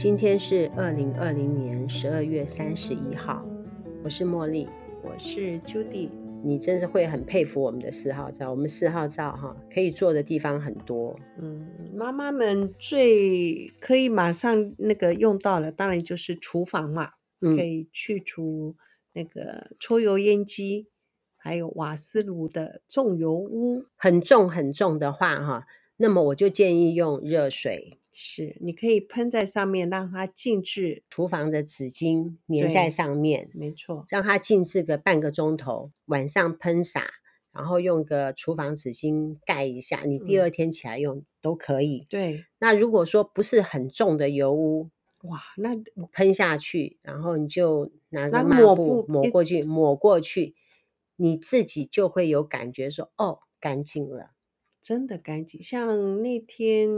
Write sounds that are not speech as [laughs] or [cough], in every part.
今天是二零二零年十二月三十一號，我是茉莉，我是 Judy。你真是會很佩服我們的四號皂，我們四號皂哈，可以做的地方很多。嗯，媽媽們最可以馬上那個用到了，當然就是廚房嘛，可以去除那個抽油煙機還有瓦斯爐的重油污，很重很重的話哈。那麼我就建議用熱水，是你可以噴在上面，讓它靜置。廚房的紙巾粘在上面，沒錯，讓它靜置個半個鐘頭，晚上噴灑，然後用個廚房紙巾蓋一下，你第二天起來用、嗯、都可以。對。那如果說不是很重的油污，哇，那噴下去，然後你就拿個抹布抹過去，磨欸、抹過去，你自己就會有感覺說，哦，乾淨了。真的乾淨，像那天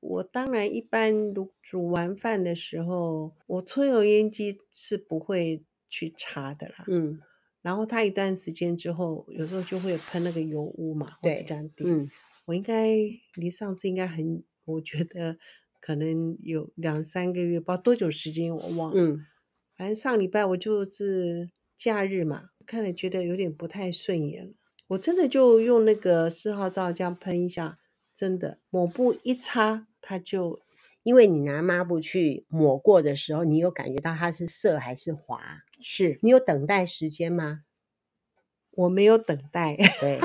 我當然一般，煮、煮完飯的時候，我抽油煙機是不會去擦的啦。嗯，然後他一段時間之後，有時候就會噴那個油污嘛，對或者這樣滴。嗯，我應該離上次應該很，我覺得可能有兩三個月，不知道多久時間我忘了。嗯，反正上禮拜我就是假日嘛，看了覺得有點不太順眼了。我真的就用那個四號皂，這樣噴一下，真的抹布一擦，它就，因為你拿抹布去抹過的時候，你有感覺到它是澀還是滑？是你有等待時間嗎？我沒有等待。對，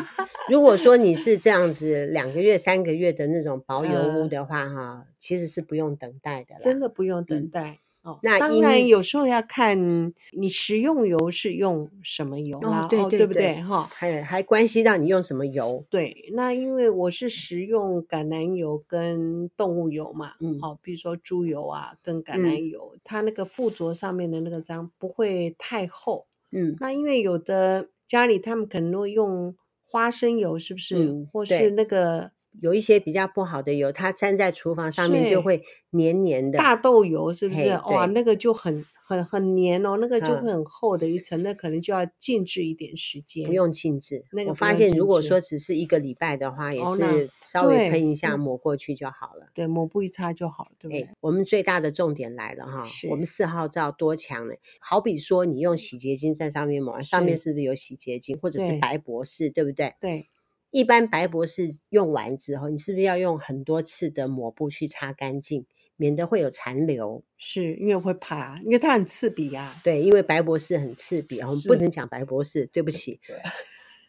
如果說你是這樣子兩個月、三個月的那種薄油污的話，哈、 [laughs] 啊，其實是不用等待的，真的不用等待。嗯哦，那因當然有時候要看你食用油是用什麼油然後，哦對，對，對，哦，對不對，哈，還還關係到你用什麼油。對，那因為我是食用橄欖油跟動物油嘛，嗯，好，哦，比如說豬油啊，跟橄欖油，嗯，它那個附着上面的那個髒不會太厚，嗯，那因為有的家裡他們可能用花生油，是不是？或是那個。有一些比較不好的油，它沾在廚房上面就會黏黏的。大豆油是不是？哇，那個就很很很黏哦，那個就很厚的一層，那可能就要靜置一點時間。不用靜置，那個我發現，如果說只是一個禮拜的話，也是稍微噴一下，抹過去就好了。對，抹布一擦就好，對不對？我們最大的重點來了哈，我們四號皂多強呢？好比說，你用洗潔精在上面抹，上面是不是有洗潔精，或者是白博士，對不對？對。一般白博士用完之後，你是不是要用很多次的抹布去擦乾淨，免得會有殘留？是，因為會怕，因為它很刺鼻啊。對，因為白博士很刺鼻啊。我們不能講白博士，是對不起。對。對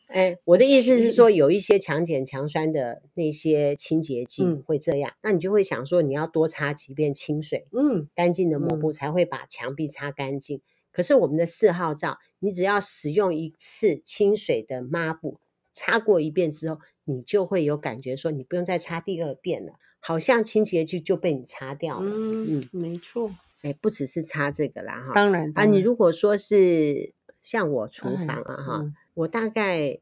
哎，我的意思是說，有一些強鹼強酸的那些清潔劑會這樣，嗯、那你就會想說，你要多擦幾遍清水，嗯，乾淨的抹布才會把牆壁擦乾淨。嗯、可是我們的四號皂，你只要使用一次清水的抹布。擦過一遍之後，你就會有感覺說，你不用再擦第二遍了，好像清潔劑就被你擦掉了。嗯，嗯沒錯。哎、欸，不只是擦這個啦哈，當然啊。然你如果說是像我廚房啊哈，嗯、我大概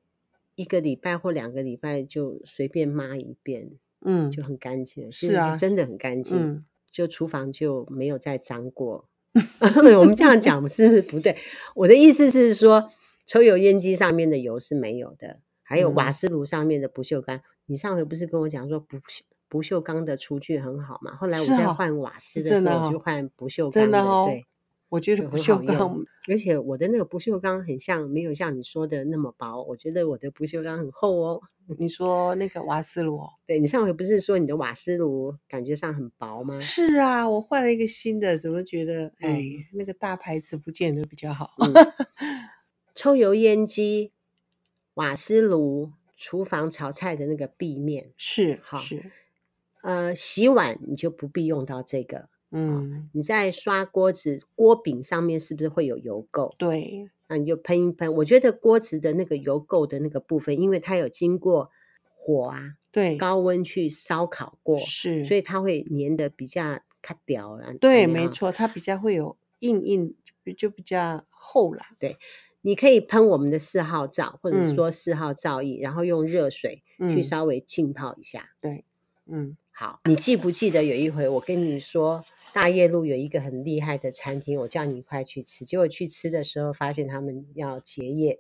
一個禮拜或兩個禮拜就隨便抹一遍，嗯，就很乾淨。是啊，是真的很乾淨，嗯、就廚房就沒有再髒過。 [laughs] [laughs] 我們這樣講是不是不對？我的意思是說，抽油煙機上面的油是沒有的。還有瓦斯爐上面的不鏽鋼，嗯、你上回不是跟我講說不鏽不鏽鋼的廚具很好嘛？後來我在換瓦斯的時候，我就換不鏽鋼的。哦、真的哦，我覺得不鏽鋼，而且我的那個不鏽鋼很像沒有像你說的那麼薄，我覺得我的不鏽鋼很厚哦。你說那個瓦斯爐。哦、對，你上回不是說你的瓦斯爐感覺上很薄嗎？是啊，我換了一個新的，怎麼覺得、嗯、哎，那個大牌子不見得比較好。嗯、抽油煙機。 [laughs] 瓦斯爐、廚房炒菜的那個壁面是哈，是，好是，呃、洗碗你就不必用到這個，嗯、哦，你在刷鍋子鍋柄上面是不是會有油垢？對，那你就噴一噴。我覺得鍋子的那個油垢的那個部分，因為它有經過火啊，對，高溫去燒烤過，是，所以它會粘的比較卡掉，對，後沒錯，它比較會有硬硬，就就比較厚了。對。你可以噴我們的四號皂，或者說四號皂液，嗯、然後用熱水去稍微浸泡一下。嗯、對，嗯，好。你記不記得有一回我跟你說，大業路有一個很厲害的餐廳，我叫你一塊去吃，結果去吃的時候發現他們要結業。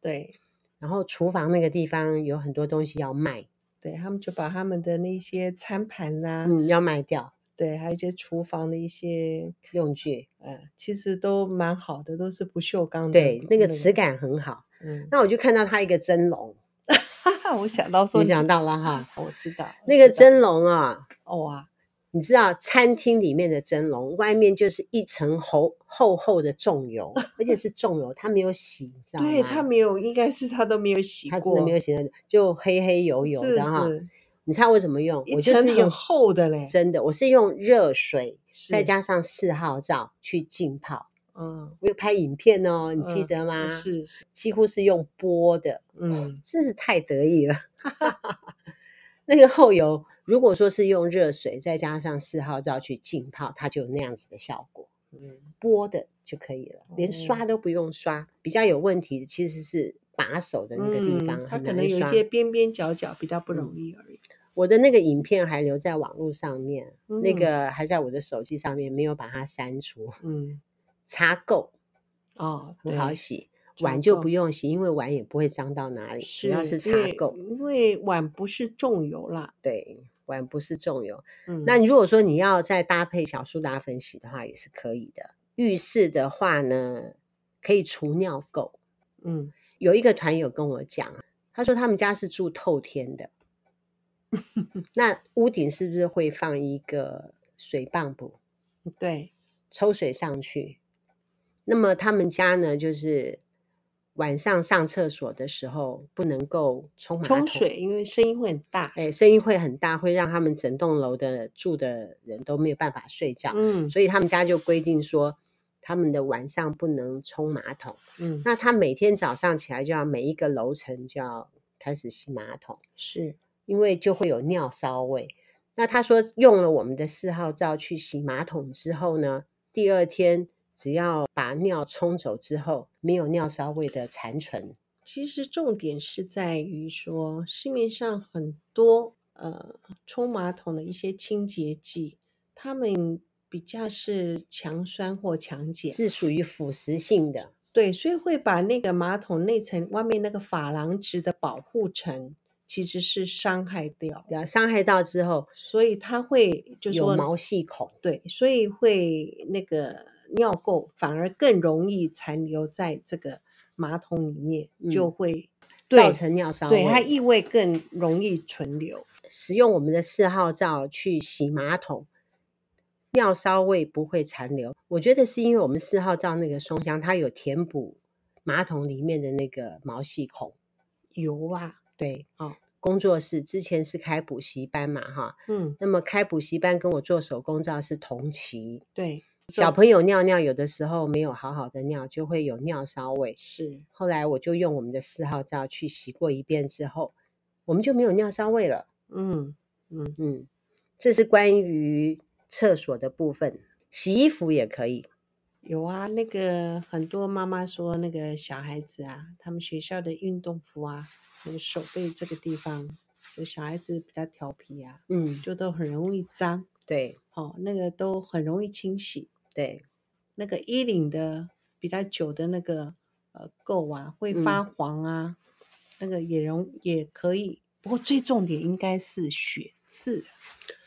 對，然後廚房那個地方有很多東西要賣，對他們就把他們的那些餐盤啦、啊，嗯，要賣掉。對，還有一些廚房的一些用具，嗯，其實都蠻好的，都是不鏽鋼的，對，那個質感很好。嗯，那我就看到它一個蒸籠，哈哈，我想到說，我想到了哈、啊，我知道，我知道那個蒸籠啊，哦啊，你知道餐廳裡面的蒸籠外面就是一層厚厚厚的重油， [laughs] 而且是重油，它沒有洗，你知道嗎？對，它沒有，應該是它都沒有洗過，它真的沒有洗的，就黑黑油油的哈。是是你猜我為什麼用？我就是很厚的嘞，真的，我是用熱水再加上四號皂去浸泡。嗯，我有拍影片哦，你記得嗎？是，幾乎是用剝的，嗯，真是太得意了。哈哈哈。那個厚油，如果說是用熱水再加上四號皂去浸泡，它就有那樣子的效果。嗯，剝的就可以了，連刷都不用刷。比較有問題的其實是把手的那個地方，它可能有些邊邊角角比較不容易而已。我的那個影片還留在網絡上面，嗯，那個還在我的手機上面，沒有把它刪除。嗯，茶垢哦，對，很好洗，茶垢碗就不用洗，因為碗也不會髒到哪裡，主要是茶垢。因為碗不是重油啦，對，碗不是重油。嗯，那你如果說你要再搭配小蘇打粉洗的話，也是可以的。浴室的話呢，可以除尿垢。嗯，有一個團友跟我講，他說他們家是住透天的。 [laughs] 那屋頂是不是會放一個水泵浦？對，抽水上去。那麼他們家呢，就是晚上上廁所的時候不能夠沖馬桶。沖水，因為聲音會很大。哎、欸，聲音會很大，會讓他們整棟樓的住的人都沒有辦法睡覺。嗯，所以他們家就規定說，他們的晚上不能沖馬桶。嗯，那他每天早上起來就要每一個樓層就要開始洗馬桶。是。因為就會有尿騷味。那他說用了我們的四號皂去洗馬桶之後呢，第二天只要把尿沖走之後，沒有尿騷味的殘存。其實重點是在於說，市面上很多呃沖馬桶的一些清潔劑，它們比較是強酸或強鹼，是屬於腐蝕性的。對，所以會把那個馬桶內層外面那個珐琅質的保護層。其實是傷害掉的，對，傷害到之後，所以它會、就是、說毛細孔，對，所以會那個尿垢反而更容易殘留在這個馬桶裡面，就會、嗯、對造成尿騷味，對它異味更容易存留、嗯。使用我們的四號皂去洗馬桶，尿騷味不會殘留。我覺得是因為我們四號皂那個松香，它有填補馬桶裡面的那個毛細孔，有啊。對，哦，工作室之前是開補習班嘛，哈，嗯，那麼開補習班跟我做手工皂是同期。對，小朋友尿尿有的時候沒有好好的尿，就會有尿騷味。是，後來我就用我們的四號皂去洗過一遍之後，我們就沒有尿騷味了。嗯嗯嗯，這是關於廁所的部分，洗衣服也可以。有啊，那個很多媽媽說，那個小孩子啊，他們學校的運動服啊。那個手背這個地方，就小孩子比較調皮啊，嗯，就都很容易髒，對，好、哦，那個都很容易清洗，對，那個衣領的比較久的那個呃垢啊，會發黃啊，嗯、那個也容也可以，不過最重點應該是血漬，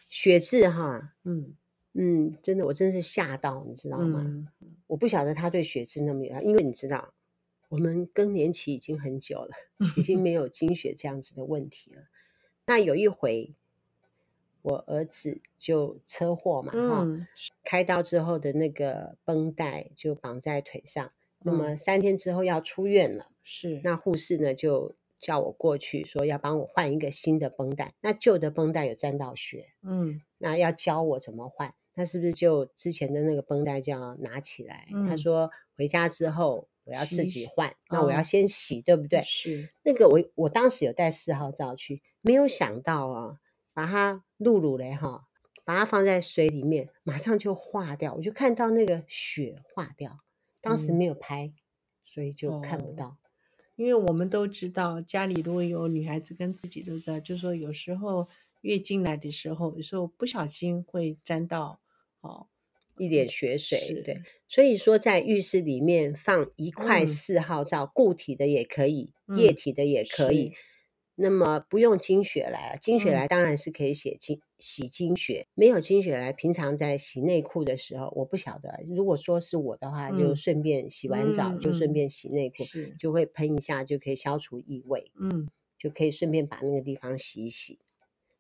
血漬哈，嗯嗯，真的我真的是嚇到，你知道嗎？嗯、我不曉得他對血漬那麼有害，因為你知道。我們更年期已經很久了，已經沒有經血這樣子的問題了。 [laughs] 那有一回，我兒子就車禍嘛，嗯、哈，開刀之後的那個繃帶就綁在腿上。嗯、那麼三天之後要出院了，是。那護士呢就叫我過去，說要幫我換一個新的繃帶。那舊的繃帶有沾到血，嗯，那要教我怎麼換。那是不是就之前的那個繃帶就要拿起來？嗯、他說回家之後。我要自己換，洗洗，那我要先洗，哦、對不對？是那個我我當時有帶四號皂去，沒有想到啊，把它露露嘞哈，把它放在水裡面，馬上就化掉，我就看到那個血化掉，當時沒有拍，嗯、所以就看不到，哦。因為我們都知道，家裡如果有女孩子跟，自己都知道，就說有時候月經來的時候，有時候不小心會沾到哦。一點血水，對，所以說，在浴室裡面放一塊四號皂，固體的也可以，液體的也可以。那麼不用經血來，經血來當然是可以洗經洗經血，沒有經血來，平常在洗內褲的時候，我不曉得。如果說是我的話，就順便洗完澡就順便洗內褲，就會噴一下就可以消除異味，嗯，就可以順便把那個地方洗一洗。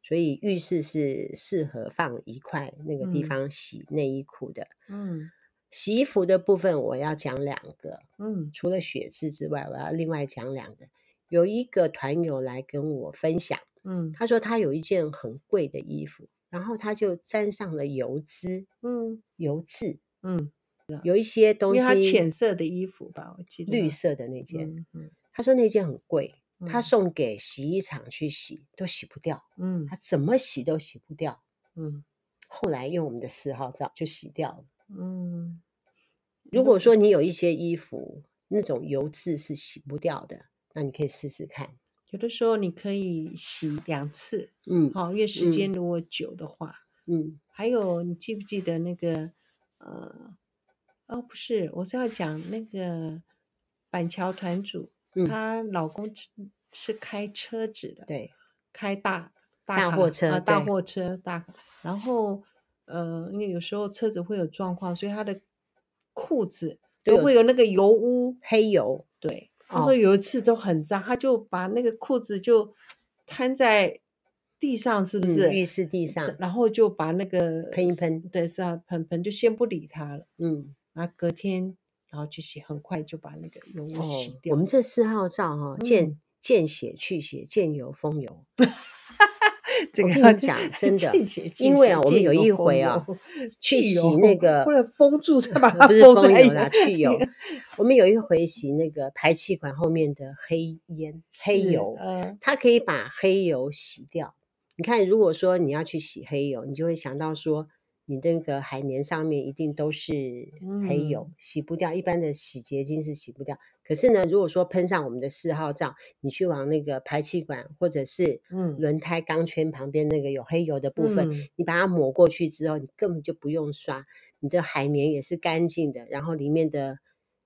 所以浴室是適合放一塊那個地方洗內衣褲的。嗯，洗衣服的部分我要講兩個。嗯，除了血漬之外，我要另外講兩個。有一個團友來跟我分享。嗯，他說他有一件很貴的衣服，然後他就沾上了油脂。嗯，油漬。嗯，有一些東西。他淺色的衣服吧，我記得綠色的那件。嗯，嗯，他說那件很貴。他送給洗衣廠去洗，都洗不掉。嗯，他怎麼洗都洗不掉。嗯，後來用我們的四號皂就洗掉了。嗯，如果說你有一些衣服那種油漬是洗不掉的，那你可以試試看。有的時候你可以洗兩次。嗯，好，因為時間如果久的話。嗯，嗯，還有你記不記得那個呃，哦不是，我是要講那個板橋團主。她，嗯、老公是開車子的，對，開大大貨車，啊，大貨車對大。然後呃，因為有時候車子會有狀況，所以她的褲子都會有那個油污，黑油。對，他說有一次都很髒，哦，他就把那個褲子就攤在地上，是不是、嗯，浴室地上。然後就把那個噴一噴，對，是啊，噴噴就先不理他了。嗯，啊，隔天。然後去洗，很快就把那個油污洗掉。我們這四號皂哈，見見血去血，見油封油。我跟你講，真的。因為啊，我們有一回啊，去洗那個封住這把不是封油啦，去油。我們有一回洗那個排氣管後面的黑煙黑油，它可以把黑油洗掉。你看，如果說你要去洗黑油，你就會想到說，你那個海綿上面一定都是黑油，嗯、洗不掉。一般的洗潔精是洗不掉。可是呢，如果說噴上我們的四號皂，你去往那個排氣管或者是輪胎鋼圈旁邊那個有黑油的部分，嗯、你把它抹過去之後，你根本就不用刷，嗯、你的海綿也是乾淨的。然後裡面的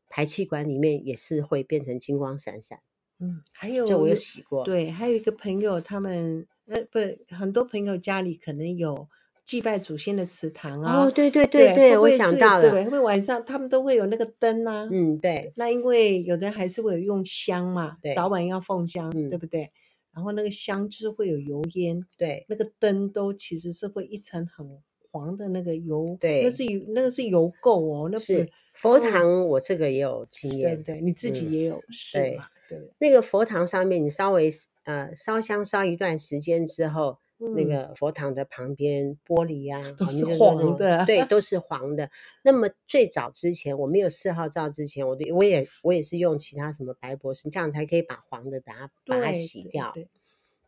排氣管裡面也是會變成金光閃閃。嗯，還有，這我有洗過。對，還有一個朋友，他們呃不，很多朋友家裡可能有。祭拜祖先的祠堂啊，哦，對對對對，我想到了，對，因為晚上他們都會有那個燈啊，嗯，對，那因為有的人還是會有用香嘛，早晚要奉香，對不對？然後那個香就是會有油煙，對，那個燈都其實是會一層很黃的那個油，對，那是油，那個是油垢哦，那是。佛堂我這個也有經驗，對對，你自己也有是。對。那個佛堂上面，你稍微呃燒香燒一段時間之後。那個佛堂的旁邊玻璃呀、啊，都是黃的，對， [laughs] 都是黃的。那麼最早之前我沒有四號皂之前，我都我也我也是用其他什麼白博士，這樣才可以把黃的打，對對對把它洗掉。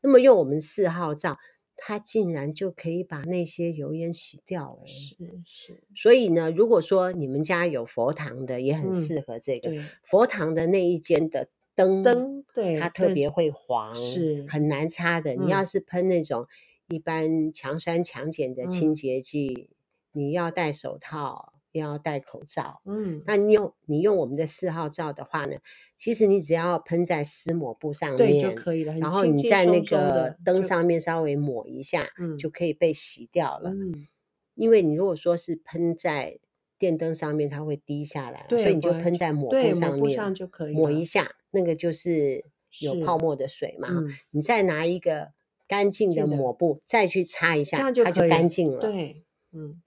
那麼用我們四號皂，它竟然就可以把那些油煙洗掉了。是是。是所以呢，如果說你們家有佛堂的，也很適合這個、嗯、對佛堂的那一間的。燈燈燈，對它特別會黃，是對很難擦的。是你要是噴那種一般強酸強鹼的清潔劑，嗯、你要戴手套，嗯、要戴口罩。嗯，那你用你用我們的四號皂的話呢，其實你只要噴在濕抹布上面輕輕鬆鬆，然後你在那個燈上面稍微抹一下，就，嗯、就可以被洗掉了。嗯，因為你如果說是噴在電燈上面，它會滴下來，所以你就噴在抹布上面，抹布上就可以抹一下。那個就是有泡沫的水嘛，你再拿一個乾淨的抹布再去擦一下，它就乾淨了。對，嗯，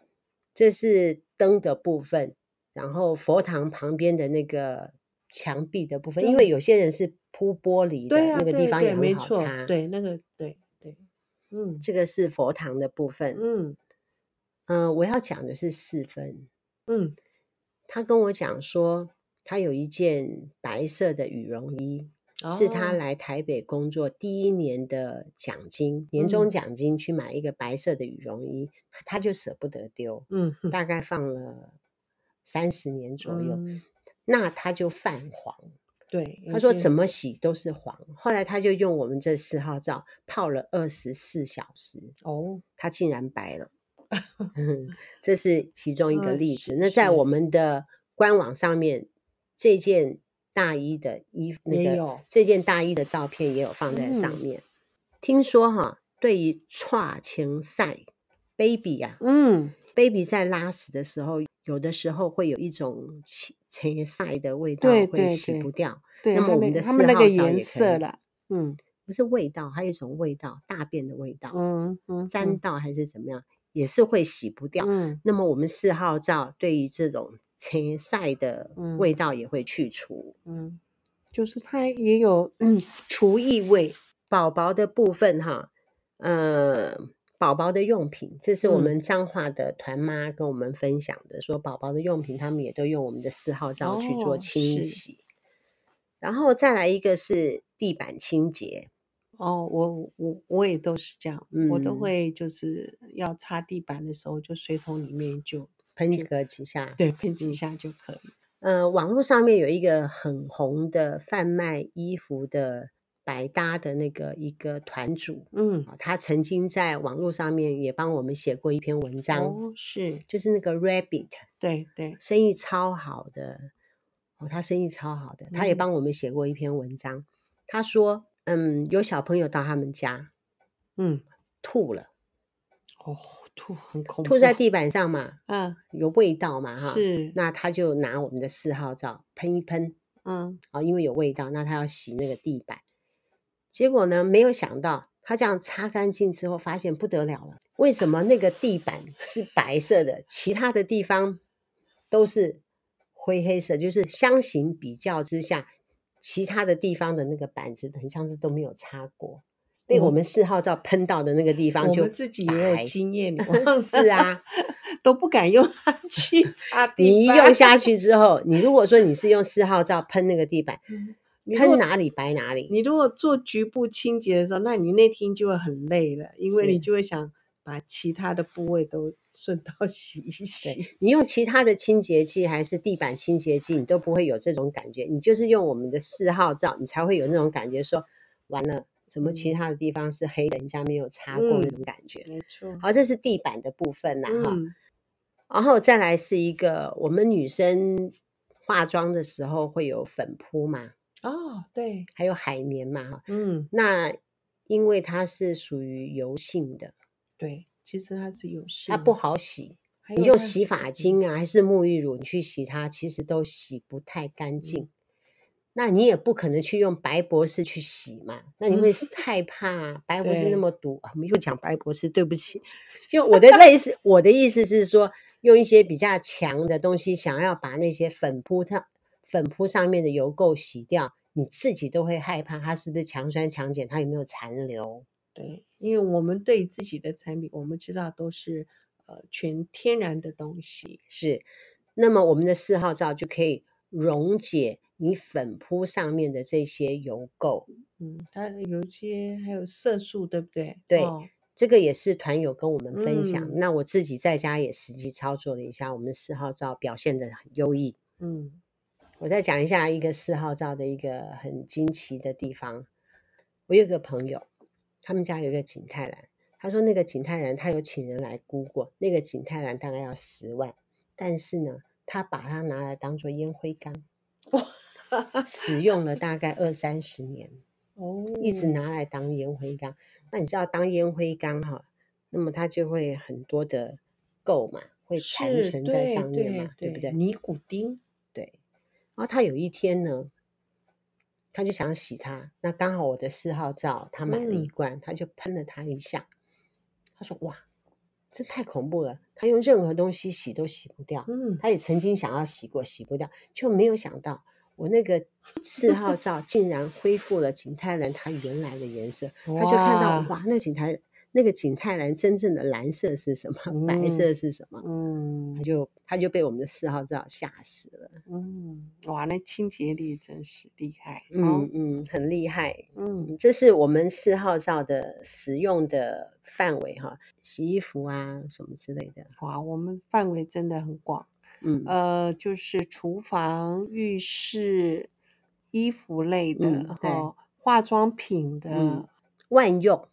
這是燈的部分，然後佛堂旁邊的那個牆壁的部分，因為有些人是鋪玻璃的，那個地方也很好擦。對，那個對對，嗯，這個是佛堂的部分。嗯，嗯，我要講的是四分。嗯，他跟我講說，他有一件白色的羽絨衣，哦、是他來台北工作第一年的獎金，年終獎金去買一個白色的羽絨衣，嗯、他就捨不得丟。嗯，大概放了三十年左右，嗯、那他就泛黃。嗯、黃，對，他說怎麼洗都是黃。後來他就用我們這四號皂泡了二十四小時，哦，他竟然白了。這是其中一個例子。那在我們的官網上面，這件大衣的衣服，那個這件大衣的照片也有放在上面。聽說哈，對於擦前曬 baby 啊，嗯，baby 在拉屎的時候，有的時候會有一種前清曬的味道，會洗不掉。那麼我們的四號皂也可以了。嗯，不是味道，還有一種味道，大便的味道。嗯嗯，沾到還是怎麼樣？也是會洗不掉，嗯，那麼我們四號皂對於這種陳曬的味道也會去除，嗯，就是它也有嗯、除異味。寶寶的部分哈，呃，寶寶的用品，這是我們彰化的團媽跟我們分享的，嗯、說寶寶的用品他們也都用我們的四號皂去做清洗，哦、然後再來一個是地板清潔。哦、oh，我我我也都是這樣，嗯、我都會就是要擦地板的時候，就水桶裡面就噴幾個幾下，對，噴幾下就可以。嗯、呃，網絡上面有一個很紅的販賣衣服的百搭的那個一個團主，嗯、哦，他曾經在網絡上面也幫我們寫過一篇文章，哦、是，就是那個 Rabbit，對對，對生意超好的，哦，他生意超好的，他也幫我們寫過一篇文章，嗯、他說。嗯，有小朋友到他們家，嗯，吐了，哦，吐很恐怖，吐在地板上嘛，嗯、啊，有味道嘛，哈，是，那他就拿我們的四號皂噴一噴，嗯，哦，因為有味道，那他要洗那個地板，結果呢，沒有想到他這樣擦乾淨之後，發現不得了了，為什麼那個地板是白色的，其他的地方都是灰黑色，就是相形比較之下。其他的地方的那個板子，很像是都沒有擦過。嗯、被我們四號皂噴到的那個地方就，我自己也有經驗，是啊，都不敢用它去擦地板。你一用下去之後，你如果說你是用四號皂噴那個地板，噴 [laughs] 哪裡白哪裡。你如果做局部清潔的時候，那你那天就會很累了，因為你就會想把其他的部位都。順道洗一洗，你用其他的清潔劑還是地板清潔劑， [laughs] 你都不會有這種感覺。你就是用我們的四號皂，你才會有那種感覺說，說完了，怎麼其他的地方是黑的，人家沒有擦過那種感覺。嗯、沒錯。好，這是地板的部分啦，哈、嗯。然後再來是一個，我們女生化妝的時候會有粉撲嘛？哦，對，還有海綿嘛？哈，嗯，那因為它是屬於油性的，對。其實它是有洗，它不好洗。啊，你用洗髮精啊，嗯、還是沐浴乳，你去洗它，其實都洗不太乾淨。嗯、那你也不可能去用白博士去洗嘛？那你會害怕、啊嗯、白博士那麼毒？我們對、啊、又講白博士，對不起。 [laughs] 就我的類似，我的意思是說， [laughs] 用一些比較強的東西，想要把那些粉撲上、粉撲上面的油垢洗掉，你自己都會害怕，它是不是強酸強鹼？它有沒有殘留？對，因為我們對自己的產品，我們知道都是呃全天然的東西是。那麼我們的四號皂就可以溶解你粉撲上面的這些油垢。嗯，它有些還有色素，對不對？對，哦、這個也是團友跟我們分享。嗯、那我自己在家也實際操作了一下，我們四號皂表現的很優異。嗯，我再講一下一個四號皂的一個很驚奇的地方。我有個朋友。他們家有一個景泰藍，他說那個景泰藍他有請人來估過，那個景泰藍大概要十萬，但是呢，他把它拿來當做菸灰缸，哇哈哈使用了大概二三十年，哦，一直拿來當菸灰缸。那你知道當菸灰缸哈，那麼它就會很多的垢嘛，會殘存在上面嘛，對,對,對,對不對？尼古丁，對。然後他有一天呢。他就想洗它，那剛好我的四號皂他買了一罐，嗯、他就噴了它一下。他說：“哇，這太恐怖了！他用任何東西洗都洗不掉。嗯，他也曾經想要洗過，洗不掉，就沒有想到我那個四號皂 [laughs] 竟然恢復了景泰藍它原來的顏色。他就看到哇，哇，那景泰藍。”那個景泰藍真正的藍色是什麼？嗯、白色是什麼？嗯，他就他就被我們的四號皂嚇，嚇死了。嗯，哇，那清潔力真是厲害。嗯嗯，很厲害。嗯，這是我們四號皂的使用的範圍哈，洗衣服啊什麼之類的。哇，我們範圍真的很廣。嗯呃，就是廚房、浴室、衣服類的哈，化妝品的，嗯、萬用。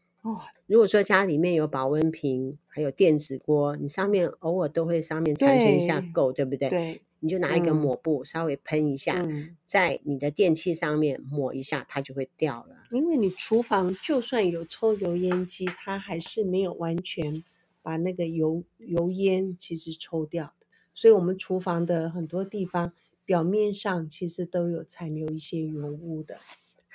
如果說家裡面有保溫瓶，還有電子鍋，你上面偶爾都會上面產生一下垢，對，對不對？對，你就拿一個抹布、嗯、稍微噴一下，嗯、在你的電器上面抹一下，它就會掉了。因為你廚房就算有抽油煙機，它還是沒有完全把那個油油煙其實抽掉。所以我們廚房的很多地方，表面上其實都有殘留一些油污的。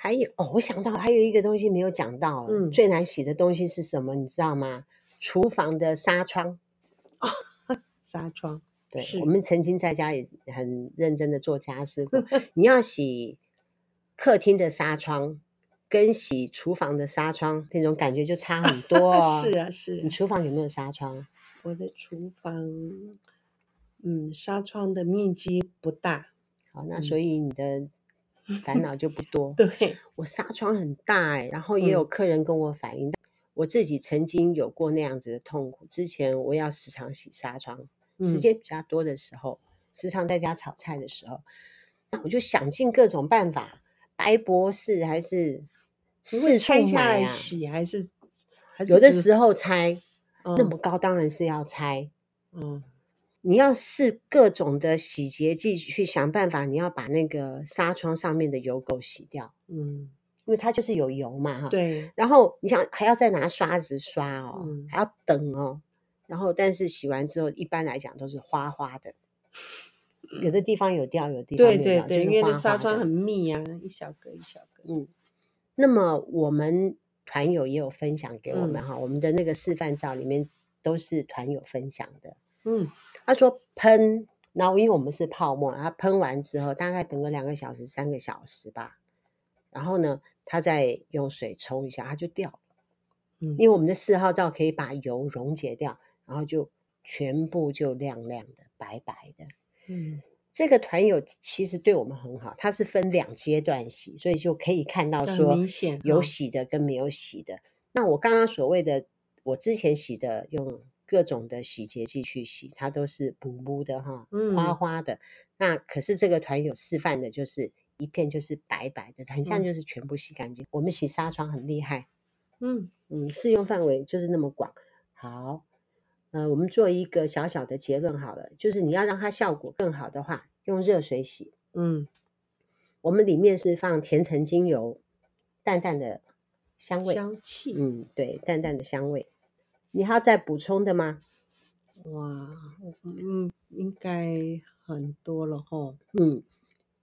還有哦，我想到還有一個東西沒有講到，嗯、最難洗的東西是什麼？你知道嗎？廚房的紗窗。哦、紗窗，對，是我們曾經在家也很認真的做家事， [laughs] 你要洗客廳的紗窗，跟洗廚房的紗窗，那種感覺就差很多，哦 [laughs] 是啊。是啊，是。你廚房有沒有紗窗？我的廚房，嗯，紗窗的面積不大。好，那所以你的，嗯。煩惱就不多。 [laughs] 對，我紗窗很大，欸、然後也有客人跟我反映，嗯、我自己曾經有過那樣子的痛苦。之前我要時常洗紗窗，嗯、時間比較多的時候，時常在家炒菜的時候，嗯、我就想盡各種辦法，白博士還是四、啊、拆下來洗，還是，還是有的時候拆。嗯、那麼高當然是要拆。嗯。你要試各種的洗潔劑去想辦法，你要把那個紗窗上面的油垢洗掉，嗯，因為它就是有油嘛，哈，對。然後你想還要再拿刷子刷哦，嗯、還要等哦。然後但是洗完之後，一般來講都是花花的，嗯、有的地方有掉，有的地方沒有掉，對對對，花花，因為那紗窗很密啊，一小格一小格。嗯，那麼我們團友也有分享給我們、嗯、哈，我們的那個示範照裡面都是團友分享的。嗯，他說噴，然後因為我們是泡沫，他噴完之後大概等個兩個小時、三個小時吧，然後呢，他再用水沖一下，它就掉了。嗯，因為我們的四號皂可以把油溶解掉，然後就全部就亮亮的、白白的。嗯，這個團友其實對我們很好，他是分兩階段洗，所以就可以看到說明顯，有洗的跟沒有洗的。嗯，那我剛剛所謂的我之前洗的用。各種的洗潔劑去洗，它都是補補的哈，花花的。嗯、那可是這個團有示範的，就是一片就是白白的，很像就是全部洗乾淨。嗯、我們洗紗窗很厲害，嗯嗯，適、嗯、用範圍就是那麼廣。好，呃，我們做一個小小的結論好了，就是你要讓它效果更好的話，用熱水洗。嗯，我們裡面是放甜橙精油，淡淡的香味，香氣，嗯，對，淡淡的香味。你還要再補充的嗎？哇，嗯，應該很多了吼。嗯，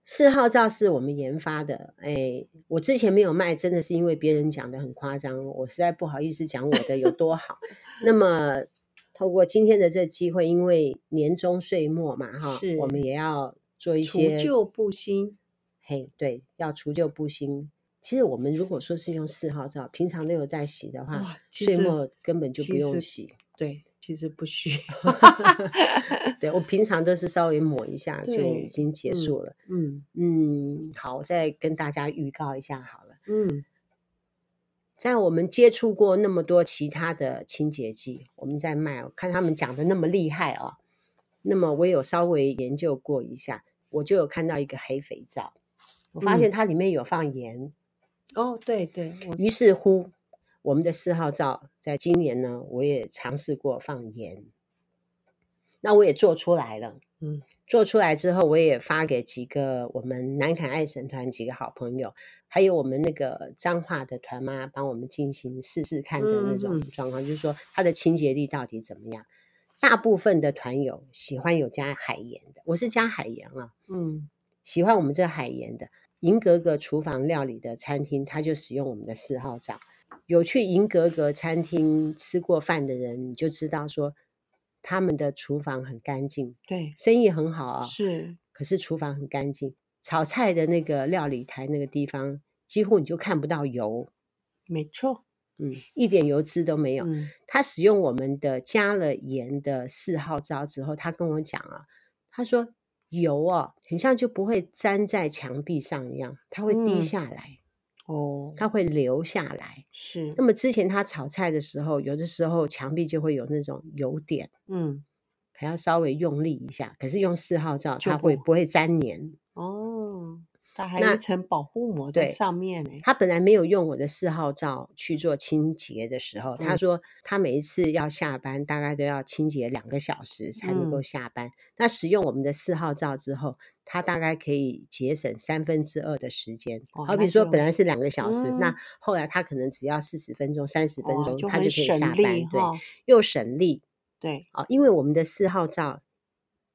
四號皂是我們研發的，誒、欸、我之前沒有賣，真的是因為別人講的很誇張，我實在不好意思講我的有多好。 [laughs] 那麼，透過今天的這機會，因為年終歲末嘛，哈，是我們也要做一些除舊布新。嘿，對，要除舊布新。其實我們如果說是用四號皂，平常都有在洗的話，歲末根本就不用洗。對，其實不需要。 [laughs] [laughs] 對，我平常都是稍微抹一下對就已經結束了。嗯嗯，嗯，好，我再跟大家預告一下好了。嗯，在我們接觸過那麼多其他的清潔劑，我們在賣，我看他們講的那麼厲害哦。那麼我有稍微研究過一下，我就有看到一個黑肥皂，我發現它裡面有放鹽。嗯哦、oh，對對。於是乎，我們的四號皂在今年呢，我也嘗試過放鹽，那我也做出來了。嗯，做出來之後，我也發給幾個我們南崁愛省團幾個好朋友，還有我們那個彰化的團媽，幫我們進行試試看的那種狀況，嗯嗯、就是說它的清潔力到底怎麼樣。大部分的團友喜歡有加海鹽的，我是加海鹽啊，嗯，喜歡我們這個海鹽的。銀格格廚房料理的餐廳，他就使用我們的四號皂。有去銀格格餐廳吃過飯的人，你就知道說，他們的廚房很乾淨，對，生意很好啊、哦。是，可是廚房很乾淨，炒菜的那個料理台那個地方，幾乎你就看不到油。沒錯，嗯，一點油脂都沒有。嗯、他使用我們的加了鹽的四號皂之後，他跟我講啊，他說。油啊，很像就不會粘在牆壁上一樣，它會滴下來，哦、嗯，它會流下來。哦、下來是，那麼之前他炒菜的時候，有的時候牆壁就會有那種油點，嗯，還要稍微用力一下。可是用四號皂，不它會不會粘黏哦。它還有一層保護膜在上面呢、欸。他本來沒有用我的四號皂去做清潔的時候，嗯、他說他每一次要下班，大概都要清潔兩個小時才能夠下班。嗯、那使用我們的四號皂之後，他大概可以節省三分之二的時間。好、哦、比如說，本來是兩個小時，哦那，嗯、那後來他可能只要四十分鐘、三十分鐘，哦、就他就可以下班，哦、對，又省力。對，哦，因為我們的四號皂。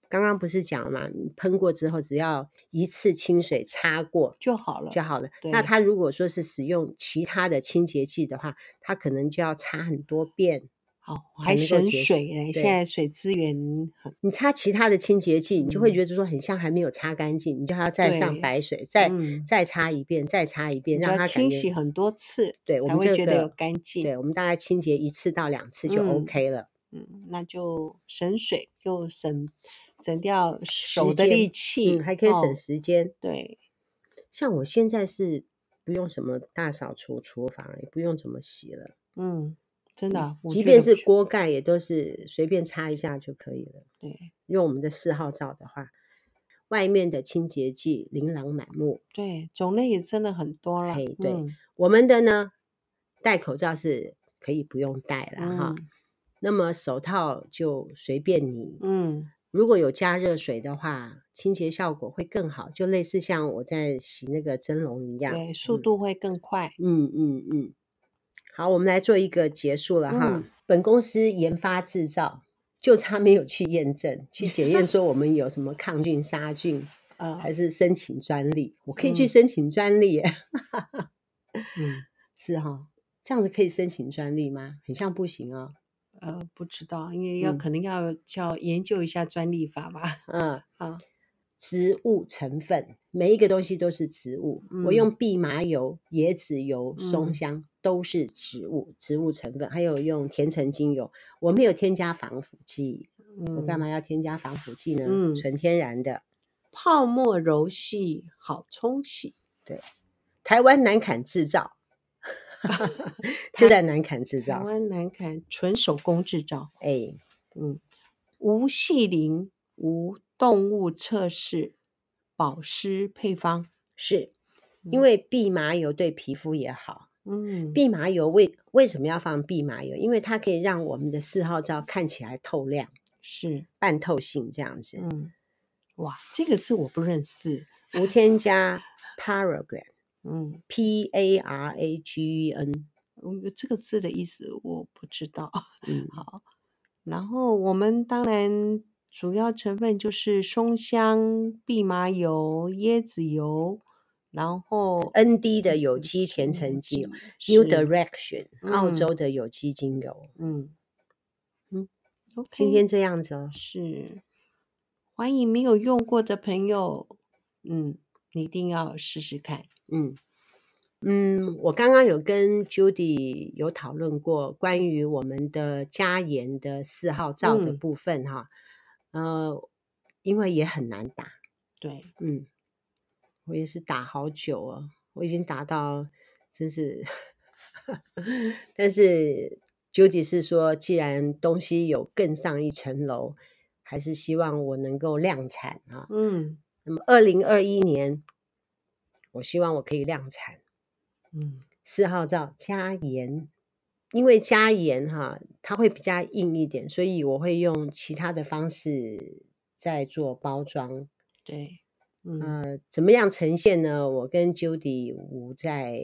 剛剛不是講了嘛，噴過之後，只要一次清水擦過就好了，就好了。對那它如果說是使用其他的清潔劑的話，它可能就要擦很多遍。好、哦，還省水嘞。現在水資源很。你擦其他的清潔劑，嗯、你就會覺得說很像還沒有擦乾淨，你就還要再上白水，對再、嗯、再擦一遍，再擦一遍，讓它感覺清洗很多次才會覺得有乾淨。對，我們這個乾淨。對我們大概清潔一次到兩次就 OK 了嗯。嗯，那就省水又省。省掉手的力氣，嗯、還可以省時間。哦、對，像我現在是不用什麼大掃除廚,廚房，嗯、也不用怎麼洗了。嗯，真的、啊，即便是鍋蓋也都是隨便擦一下就可以了。對，用我們的四號皂的話，外面的清潔劑琳琅滿目。對，種類也真的很多了。嘿嗯、對，我們的呢，戴口罩是可以不用戴了、嗯、哈。那麼手套就隨便你。嗯。如果有加熱水的話，清潔效果會更好，就類似像我在洗那個蒸籠一樣，對，速度會更快。嗯嗯嗯，嗯，好，我們來做一個結束了哈。嗯、本公司研發製造，就差沒有去驗證、去檢驗，說我們有什麼抗菌、殺菌，啊， [laughs] 還是申請專利？呃、我可以去申請專利耶。嗯， [laughs] 嗯，是哈，這樣子可以申請專利嗎？很像不行哦、喔。呃，不知道，因為要可能要叫、嗯、研究一下專利法吧。嗯，好。植物成分，每一個東西都是植物。嗯、我用蓖麻油、椰子油、松香都是植物、嗯、植物成分，還有用甜橙精油。我沒有添加防腐劑，嗯、我幹嘛要添加防腐劑呢？嗯，純天然的，泡沫柔細，好沖洗。對，台灣南崁製造。 [laughs] 就在南崁製造，台灣南崁純手工製造。哎，A, 嗯，無矽靈，無動物測試，保濕配方。是，因為蓖麻油對皮膚也好。嗯，蓖麻油為為什麼要放蓖麻油？因為它可以讓我們的四號皂看起來透亮，是半透性這樣子。嗯，哇，這個字我不認識。無添加 Paragen 嗯，P A R A G E N，A R A、G N 這個字的意思我不知道。嗯，好。然後我們當然主要成分就是松香、蓖麻油、椰子油，然後 N D 的有機甜橙精油，New Direction 澳洲的有機精油。嗯嗯，嗯 okay，今天這樣子是，歡迎沒有用過的朋友，嗯。你一定要試試看，嗯嗯，我剛剛有跟 Judy 有討論過關於我們的加鹽的四號皂的部分哈，嗯、呃，因為也很難打，對，嗯，我也是打好久哦，我已經打到真是， [laughs] 但是 Judy 是說，既然東西有更上一層樓，還是希望我能夠量產啊，嗯。那麼，二零二一年，我希望我可以量產。嗯，四號皂加鹽，因為加鹽哈、啊，它會比較硬一點，所以我會用其他的方式在做包裝。對，嗯、呃，怎麼樣呈現呢？我跟 Judy 我在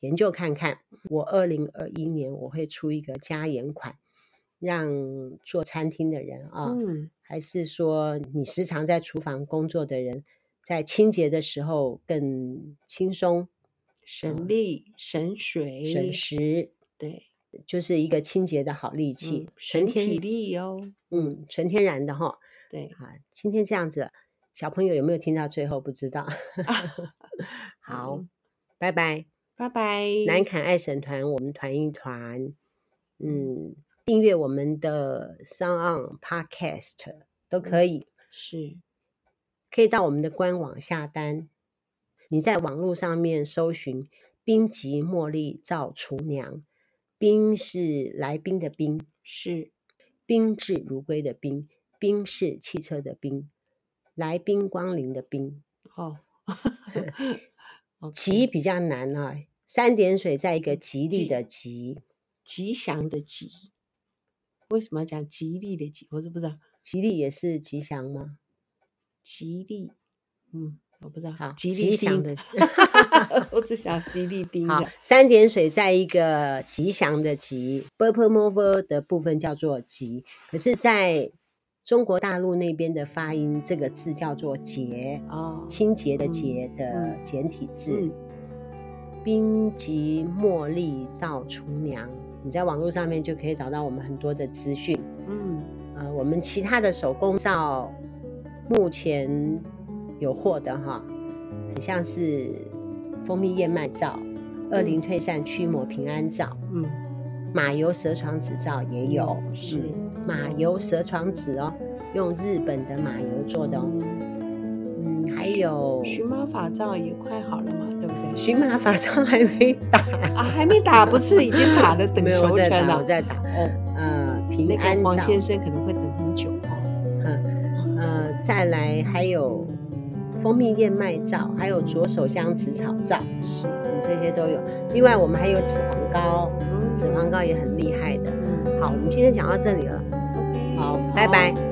研究看看。我二零二一年我會出一個加鹽款。讓做餐廳的人啊，還是說你時常在廚房工作的人，在清潔的時候更輕鬆，省力、省水、省時，對，就是一個清潔的好利器，省體力喲，嗯，純天然的哈。對啊，今天這樣子，小朋友有沒有聽到？最後不知道。好，拜拜，拜拜。南崁愛省團，我們團一團。嗯。訂閱我們的 SoundOn Podcast 都可以，嗯、是，可以到我們的官網下單。你在網絡上面搜尋“賓潔茉莉皂廚娘”，“賓”是來賓的賓“賓是”，是賓至如歸的賓“賓”，“賓”是汽車的“賓”，來賓光臨的賓“賓”。哦，潔 [laughs] [laughs] Okay 比較難啊，三點水在一個“吉”利的“吉”，吉祥的“吉”。為什麼要講吉利的吉？我是不知道。吉利也是吉祥嗎？吉利，嗯，我不知道。好吉利丁，吉祥的 [laughs] 我只想吉利丁的。好，三點水在一個吉祥的吉，purple mover 的部分叫做吉，可是在中國大陸那邊的發音，這個字叫做節，哦，清潔的潔的簡體字。嗯嗯嗯、賓潔茉莉皂廚娘。你在網絡上面就可以找到我們很多的資訊，嗯，呃，我們其他的手工皂目前有貨的哈，很像是蜂蜜燕麥皂、二靈退散驅魔平安皂，嗯，馬油蛇床子皂也有，嗯、是馬油蛇床子哦，用日本的馬油做的哦。還有，蕁麻髮皂也快好了嘛，對不對？蕁麻髮皂還沒打啊，還沒打，不是已經打了？ [laughs] 等療程了。沒有我在打，沒在打。嗯嗯、呃，平安皂。那個王先生可能會等很久哦。嗯，呃，再來還有蜂蜜燕麥皂，還有左手香紫草皂，是、嗯、這些都有。另外，我們還有脂肪膏，嗯、脂肪膏也很厲害的。嗯，好，我們今天講到這裡了，好，好拜拜。